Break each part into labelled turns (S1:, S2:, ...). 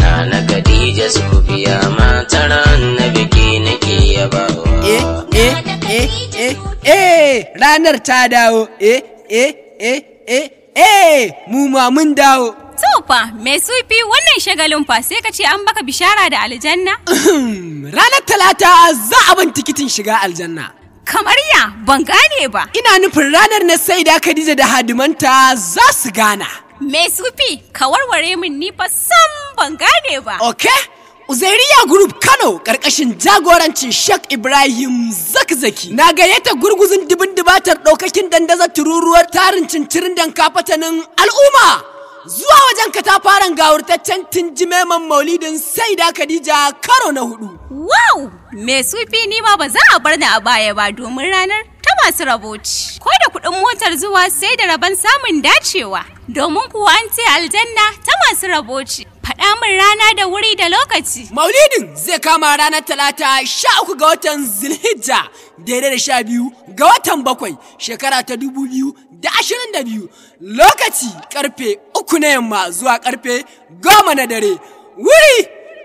S1: na na Khadija Sufiya matar na biki nake yabawa
S2: eh, eh eh eh eh ranar ta dawo eh eh eh eh eh mu ma mun dawo
S1: Tufa mai sufi wannan shagalin fa sai ka ce an baka bishara da aljanna?
S2: Ranar talata za a ban tikitin shiga aljanna. Kamar ya ban gane ba. Ina nufin ranar na sai da Khadija da hadimanta za su gana.
S1: Mai sufi, ka warware min ni fa sam ban gane ba. Ok,
S2: Uzairiya Group Kano ƙarƙashin jagorancin Sheikh Ibrahim Zakzaki na gayyata gurguzun dibin dibatar ɗaukakin dandazar tururuwar tarin cincirin dan kafatanin al'umma. Zuwa wajen ka ta katafaren gawurtaccen tinjimeman maulidin Saida Khadija karo na hudu. Wow! Me sufi ni ma ba za a bar ni a baya ba domin ranar ta
S1: masu rabuci. Ko kuɗin motar zuwa sai da rabon samun dacewa. Domin kuwa an
S2: ce aljanna ta masu raboci. faɗa min rana da wuri da lokaci. Maulidin zai kama ranar talata sha uku ga watan zilhijja daidai da sha biyu ga watan bakwai shekara ta dubu biyu da ashirin da biyu lokaci karfe uku na yamma zuwa karfe goma na dare wuri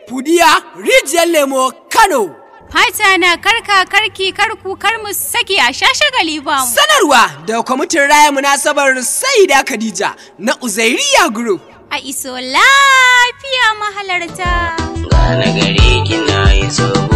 S2: fudiya rijiyar lemo Kano. Fata na karka karki karku kar mu saki a shagali ba mu. Sanarwa da kwamitin raya munasabar Saida Khadija na Uzairiya Group.
S1: A iso lafiya mahalarta. Gane gari kina iso